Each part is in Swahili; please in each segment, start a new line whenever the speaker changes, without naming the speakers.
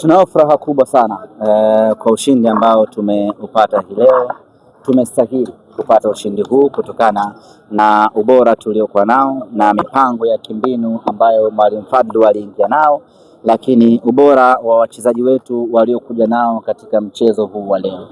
Tunao furaha kubwa sana eh, kwa ushindi ambao tumeupata hii leo. Tumestahili kupata ushindi huu kutokana na ubora tuliokuwa nao na mipango ya kimbinu ambayo Mwalimu Fadlu aliingia nao, lakini ubora wa wachezaji wetu waliokuja nao katika mchezo huu wa leo.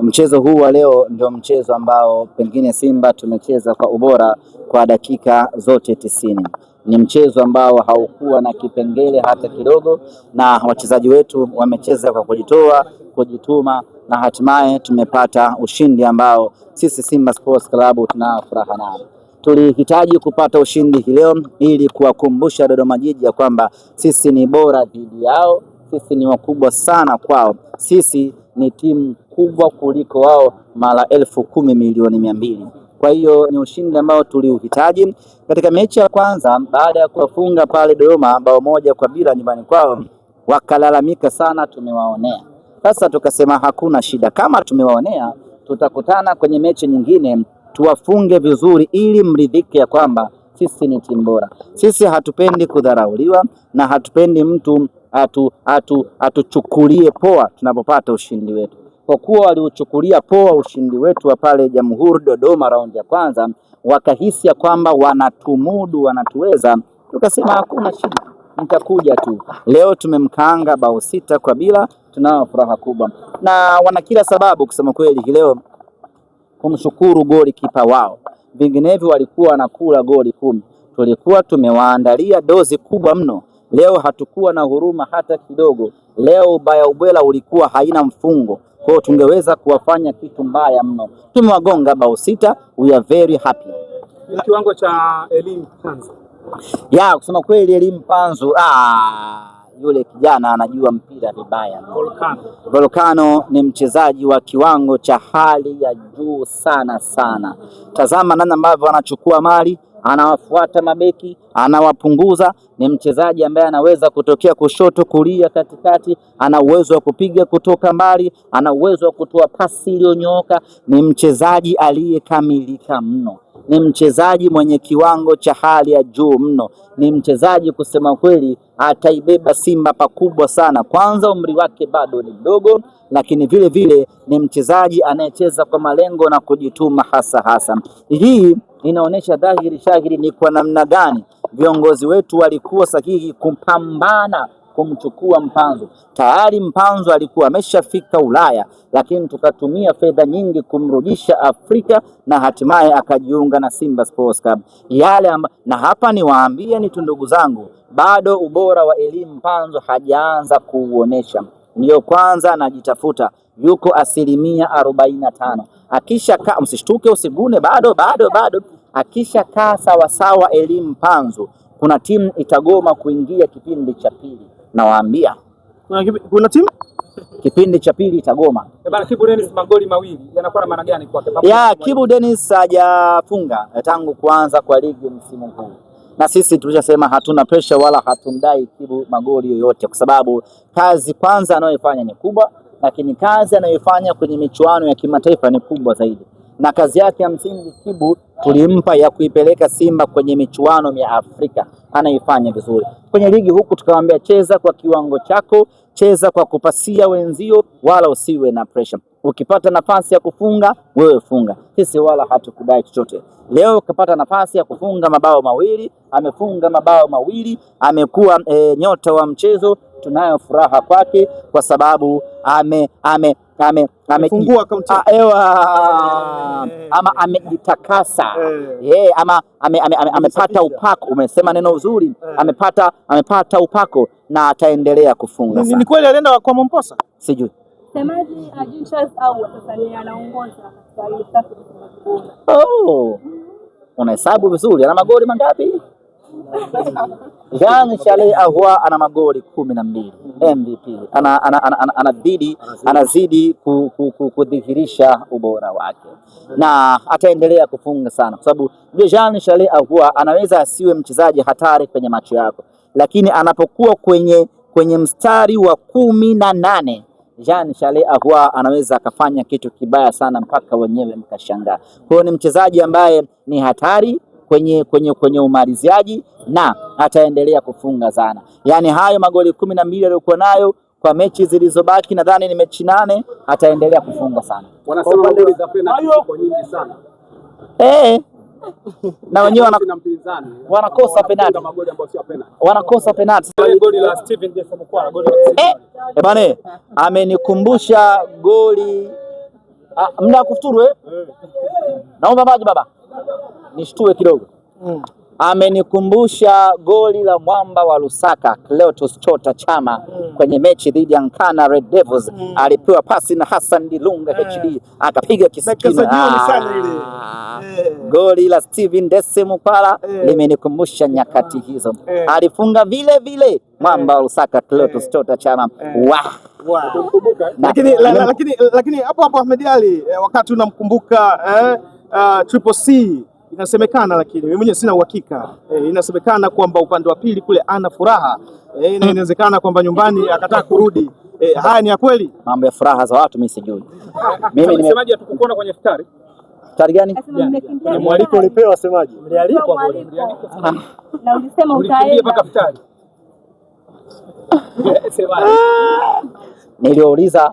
Mchezo huu wa leo ndio mchezo ambao pengine Simba tumecheza kwa ubora kwa dakika zote tisini. Ni mchezo ambao haukuwa na kipengele hata kidogo, na wachezaji wetu wamecheza kwa kujitoa, kujituma na hatimaye tumepata ushindi ambao sisi Simba Sports Club tuna furaha nayo Tulihitaji kupata ushindi leo ili kuwakumbusha Dodoma Jiji ya kwamba sisi ni bora dhidi yao, sisi ni wakubwa sana kwao, sisi ni timu kubwa kuliko wao mara elfu kumi milioni mia mbili. Kwa hiyo ni ushindi ambao tuliuhitaji katika mechi ya kwanza, baada ya kuwafunga pale Dodoma bao moja kwa bila nyumbani kwao, wakalalamika sana, tumewaonea. Sasa tukasema hakuna shida, kama tumewaonea, tutakutana kwenye mechi nyingine tuwafunge vizuri, ili mridhike ya kwamba sisi ni timu bora. Sisi hatupendi kudharauliwa na hatupendi mtu atuchukulie atu, atu poa tunapopata ushindi wetu kwa kuwa waliuchukulia poa ushindi wetu wa pale Jamhuri Dodoma raundi ya kwanza, wakahisi ya kwamba wanatumudu, wanatuweza. Tukasema hakuna shida, mtakuja tu. Leo tumemkaanga bao sita kwa bila, tunao furaha kubwa na wana kila sababu kusema kweli leo kumshukuru goli kipa wao, vinginevyo walikuwa wanakula goli kumi. Tulikuwa tumewaandalia dozi kubwa mno. Leo hatukuwa na huruma hata kidogo. Leo ubaya ubwela ulikuwa haina mfungo, kwa hiyo tungeweza kuwafanya kitu mbaya mno. Tumewagonga bao sita, we are very happy.
Ni kiwango cha elimu panzu
ya kusema kweli, elimu panzu ah, yule kijana anajua mpira vibaya. Volcano, Volcano ni mchezaji wa kiwango cha hali ya juu sana sana. Tazama namna ambavyo anachukua mali anawafuata mabeki, anawapunguza. Ni mchezaji ambaye anaweza kutokea kushoto, kulia, katikati, ana uwezo wa kupiga kutoka mbali, ana uwezo wa kutoa pasi iliyonyooka. Ni mchezaji aliyekamilika mno ni mchezaji mwenye kiwango cha hali ya juu mno, ni mchezaji kusema kweli ataibeba Simba pakubwa sana. Kwanza umri wake bado ni mdogo, lakini vile vile ni mchezaji anayecheza kwa malengo na kujituma hasa hasa. Hii inaonyesha dhahiri shahiri ni kwa namna gani viongozi wetu walikuwa sahihi kupambana kumchukua Mpanzu. Tayari Mpanzu alikuwa ameshafika Ulaya, lakini tukatumia fedha nyingi kumrudisha Afrika na hatimaye akajiunga na Simba Sports Club. Yale amba, na hapa niwaambie tu ndugu zangu, bado ubora wa elimu Mpanzu hajaanza kuuonesha, ndiyo kwanza anajitafuta yuko asilimia arobaini na tano. Akishakaa msishtuke, usigune, bado bado bado. kaa sawasawa elimu Mpanzu, kuna timu itagoma kuingia kipindi cha pili nawaambia
kuna, kuna timu
kipindi cha pili Tagoma.
Eh, bana, Kibu Dennis magoli mawili yanakuwa na maana gani kwake?
Ya Kibu Dennis hajafunga eh, tangu kuanza kwa ligi msimu huu, na sisi tulishasema hatuna pressure wala hatumdai Kibu magoli yoyote, kwa sababu kazi kwanza anayoifanya ni kubwa, lakini kazi anayoifanya kwenye michuano ya kimataifa ni kubwa zaidi, na kazi yake ya msingi Kibu tulimpa ya kuipeleka Simba kwenye michuano ya Afrika, anaifanya vizuri kwenye ligi huku tukawaambia cheza kwa kiwango chako, cheza kwa kupasia wenzio, wala usiwe na pressure. Ukipata nafasi ya kufunga wewe funga, sisi wala hatukudai chochote. Leo ukipata nafasi ya kufunga mabao mawili, amefunga mabao mawili, amekuwa e, nyota wa mchezo. Tunayo furaha kwake kwa sababu ame ame ame
amefungua akaunti
ama amejitakasa yeye ama amepata upako. Umesema neno uzuri, amepata amepata upako na ataendelea kufunga. Ni
kweli alienda kwa Mombasa?
sijui
msemaji Adventures au Watanzania anaongoza katika ile safu
ya Oh. Unahesabu vizuri, ana magoli mangapi? Jean Charles Ahoua ana magoli kumi na mbili MVP. Ana, ana, ana, ana, anazidi, anazidi ku, ku, ku, kudhihirisha ubora wake na ataendelea kufunga sana, kwa sababu Jean Charles Ahoua anaweza asiwe mchezaji hatari kwenye macho yako, lakini anapokuwa kwenye, kwenye mstari wa kumi na nane Jean Charles Ahoua anaweza akafanya kitu kibaya sana mpaka wenyewe mkashangaa. Kwa ni mchezaji ambaye ni hatari kwenye, kwenye, kwenye umaliziaji na ataendelea kufunga sana, yaani hayo magoli kumi na mbili aliyokuwa nayo kwa mechi zilizobaki nadhani ni mechi nane, ataendelea kufunga sana.
Wanasema za penalty nyingi sana.
Eh na wenyewe wanakosa penalti, wanakosa penalti.
Goli la Steven Desamukwa,
goli la eh, eh, bane, eh, amenikumbusha goli ah, mda kufuturu eh? Naomba maji baba, nishtue kidogo mm. Amenikumbusha goli la mwamba wa Lusaka Clatous Chota Chama mm kwenye mechi dhidi ya Nkana Red Devils mm. alipewa pasi na Hassan Dilunga yeah. HD akapiga kisikini
ah.
eh. goli la Steven Dese Mupala yeah. limenikumbusha nyakati hizo yeah. alifunga vile vile mwamba wa eh. Lusaka Clatous eh. Chota Chama
lakini hapo hapo Ahmed Ally wakati unamkumbuka eh, uh, Triple C Inasemekana lakini mimi mwenyewe sina uhakika e, inasemekana kwamba upande wa pili kule ana furaha e, na inawezekana kwamba nyumbani akataka kurudi e, haya ni ya kweli.
Mambo ya furaha za watu mimi sijui.
Mimi msemaji atakukona kwenye iftari iftari gani? Mwaliko ulipewa semaji
Mlialikwa ah. na ulisema utaenda
mpaka iftari.
Niliouliza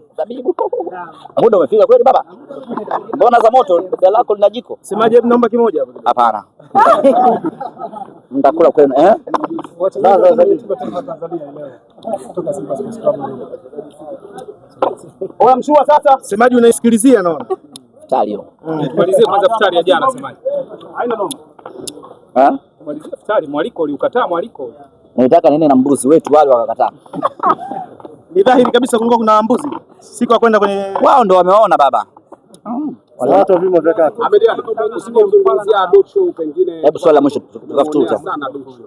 mtabibu. Muda umefika kweli baba, mbona za moto lako lina jiko?
Semaje, hebu naomba kimoja hapo.
Hapana, mtakula kwenu eh?
Oya mshua sasa, semaji unaisikilizia, naona futari mm, Tumalizie kwanza futari ya jana, semaji haina noma eh? Tumalizie futari, mwaliko uliukataa mwaliko.
Nataka nene na mbuzi wetu wale wakakataa.
Ni dhahiri kabisa kulikuwa kuna mbuzi siku ya kwenda kwenye
wao, ndo wamewaona baba. Hebu swali la mwisho tukafutuza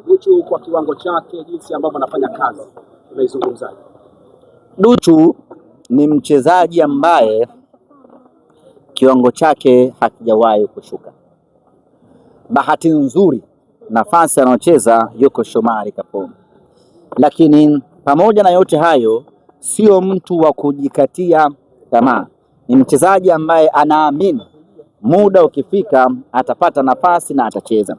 Duchu kwa kiwango chake, jinsi ambavyo anafanya kazi, unaizungumzaje?
Duchu ni mchezaji ambaye kiwango chake hakijawahi kushuka. Bahati nzuri nafasi anayocheza yuko Shomari Kapombe, lakini pamoja na yote hayo sio mtu wa kujikatia tamaa, ni mchezaji ambaye anaamini muda ukifika atapata nafasi na atacheza.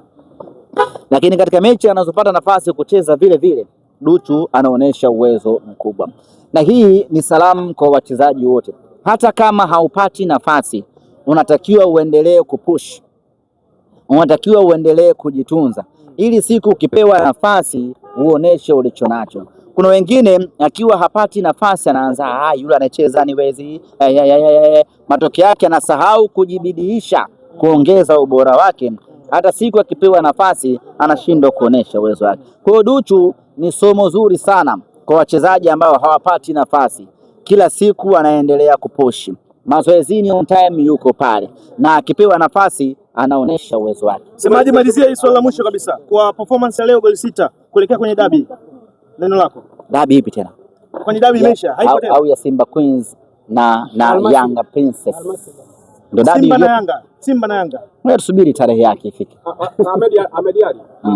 Lakini katika mechi anazopata nafasi kucheza vile vile Duchu anaonyesha uwezo mkubwa, na hii ni salamu kwa wachezaji wote. Hata kama haupati nafasi, unatakiwa uendelee kupush, unatakiwa uendelee kujitunza, ili siku ukipewa nafasi uoneshe ulicho nacho. Kuna wengine akiwa hapati nafasi anaanza ah, yule anacheza ni wezi eh eh, eh, eh, eh. Matokeo yake anasahau kujibidiisha kuongeza ubora wake, hata siku akipewa nafasi anashindwa kuonesha uwezo wake. Kwa hiyo Duchu ni somo zuri sana kwa wachezaji ambao hawapati nafasi, kila siku anaendelea kuposhi mazoezini, on time yuko pale, na akipewa nafasi anaonesha uwezo wake.
Semaji, malizia hii swala la mwisho kabisa kwa performance ya leo, goli sita kuelekea kwenye dabi. Neno lako.
Dabi ipi tena?
Kwani dabi imeisha,
haipo tena. Au ya Simba Queens na na Almasi. Yanga Princess.
Ndio dabi Simba na Yanga. Simba na Yanga.
Wewe Tusubiri tarehe yake ifike.
Ahmed Ahmed Ali.